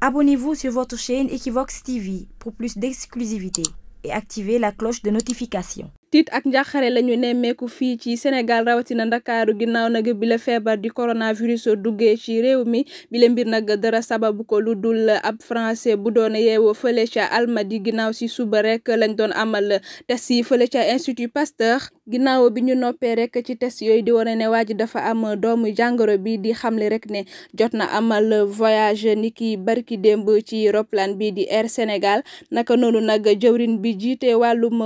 Abonnez-vous sur votre chaîne Equivox TV pour plus d'exclusivité et activez la cloche de notification. tiit ak njàqare la ñu nemmeeku fii ci Sénégal rawatina ndakaaru ginnaaw nag bi la feebar di coronavirus duggee ci réew mi bi la mbir nag dara sababu ko lu dul ab français bu doon yeewoo fële ca Almadi ginnaaw si suba rek lañ doon amal test yi fële ca Institut Pasteur ginnaaw bi ñu noppee rek ci test yooyu di wane ne waa ji dafa am doomu jàngoro bi di xamle rek ne jot na amal voyage ni ki barki démb ci roplaan bi di Air Sénégal naka noonu nag jëwrin bi jiite wàllum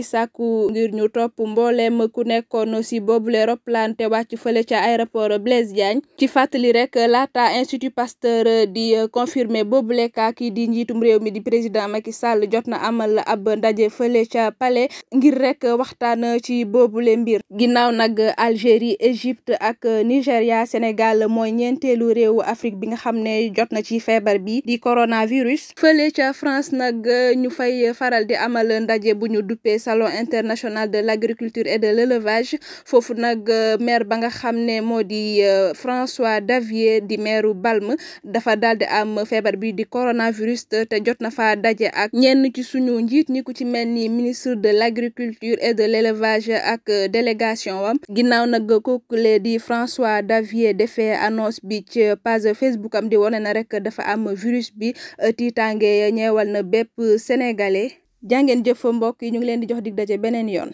gi sàkku ngir ñu topp mbooleem ku nekkoon si boobule roplaan te wàcc fële ca aéroport Blaise Diagne ci fàttali rek laata Institut Pasteur di confirmer boobule kaa kii di njiitum réew mi di président Macky Sall jot na amal ab ndaje fële ca palais ngir rek waxtaan ci boobule mbir ginaaw nag Algérie Égypte ak Nigéria Sénégal mooy ñeenteelu réewu Afrique bi nga xam ne jot na ci feebar bi di coronavirus fële France nag ñu fay faral di amal ndaje bu ñu duppee salon international de l' agriculture et de l' élevage foofu nag euh, maire ba nga xam ne moo di euh, François Davier di maireu Balme dafa daal di am feebar bi di coronavirus te jot na fa daje ak ñenn ci suñu njiit ñi ku ci mel ni ministre de l' agriculture et de l' élevage ak euh, délégation wam ginnaaw nag kookule di François Davier defee annonce bi ci page Facebook am di wone na rek dafa am virus bi tiitaange ñeewal na bépp sénégalais jàngeen jëf mbokk yi ñu ngi leen di jox dig daje beneen yoon